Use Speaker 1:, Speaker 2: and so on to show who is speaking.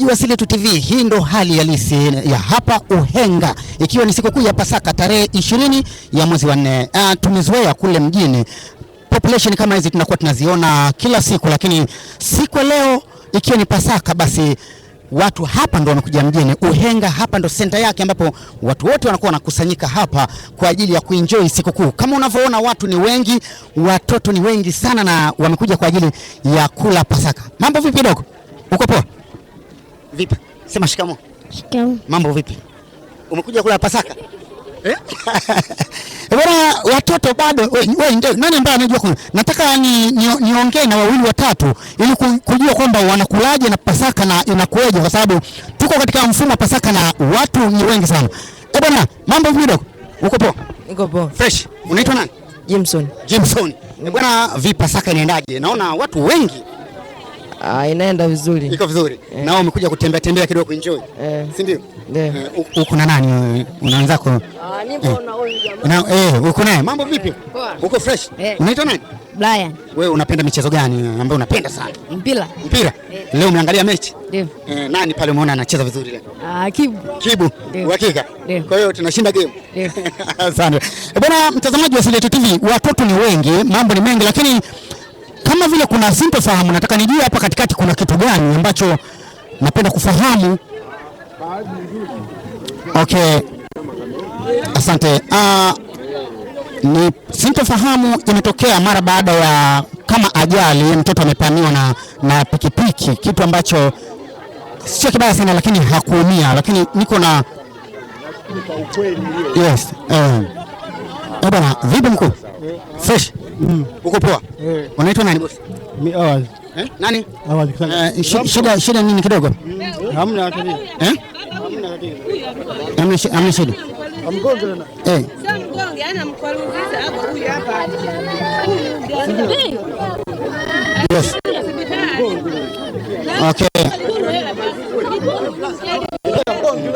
Speaker 1: Mtazamaji wa Asili Yetu TV, hii ndo hali halisi ya hapa Uhenga, ikiwa ni sikukuu ya Pasaka tarehe ishirini ya mwezi wa nne. Uh, tumezoea kule mjini population kama hizi tunakuwa tunaziona kila siku, lakini siku ya leo ikiwa ni Pasaka, basi watu hapa ndo wamekuja mjini Uhenga. Hapa ndo senta yake ambapo watu wote wanakuwa wanakusanyika hapa kwa ajili ya kuenjoy sikukuu. Kama unavyoona watu ni wengi, watoto ni wengi sana, na wamekuja kwa ajili ya kula Pasaka. Mambo vipi dogo, uko poa? Vipi? Sema shikamo. Shikamo. Mambo vipi? Umekuja kula Pasaka? Eh? Bora watoto bado wewe ndio nani ambaye anajua kuna. Nataka ni niongee na wawili watatu ili kujua kwamba wanakulaje na Pasaka na inakuwaje kwa sababu tuko katika mfumo wa Pasaka na watu ni wengi sana. Eh, bwana, mambo vipi dogo? Uko poa? Niko poa. Fresh. Unaitwa nani? Jimson. Jimson. Eh, bwana, vipi Pasaka inaendaje? Naona watu wengi
Speaker 2: Ah, inaenda vizuri.
Speaker 1: Iko vizuri. Eh. Na umekuja kutembea tembea kidogo kuenjoy. Eh. Si ndio? Eh. Uko na nani? Eh, Unaanza ko? Ah, nipo eh. na huyu jamaa. Na eh, uko naye. Mambo vipi? Eh, uko fresh? Unaitwa nani? Brian. Wewe unapenda michezo gani ambayo unapenda sana? Mpira. Mpira. Leo umeangalia mechi? Ndio. Eh, nani pale umeona anacheza vizuri leo? Ah, Kibu. Kibu. Uhakika? Kwa hiyo tunashinda game. Asante. Bwana mtazamaji wa Asili TV, watoto ni wengi, mambo ni mengi lakini kama vile kuna sintofahamu. Nataka nijue hapa katikati kuna kitu gani ambacho napenda kufahamu. Okay, asante. Uh, ni sintofahamu imetokea mara baada ya kama ajali, mtoto amepaniwa na, na pikipiki, kitu ambacho sio kibaya sana, lakini hakuumia, lakini niko na yes. Uh, bwana, vipi mkuu? Fresh, mm. uko poa? Unaitwa nani bosi?
Speaker 3: Mimi Awali. Oh, eh? Nani?
Speaker 1: Awali. Uh, shida, shida shida nini kidogo?
Speaker 3: Hamna hata nini.
Speaker 1: Eh? Hamna tatizo. Hamna shida. Hamna shida. Amgonge na. Eh. Sasa mgonge ana mkwaruzisa hapo huyu hapa. Yes. Okay.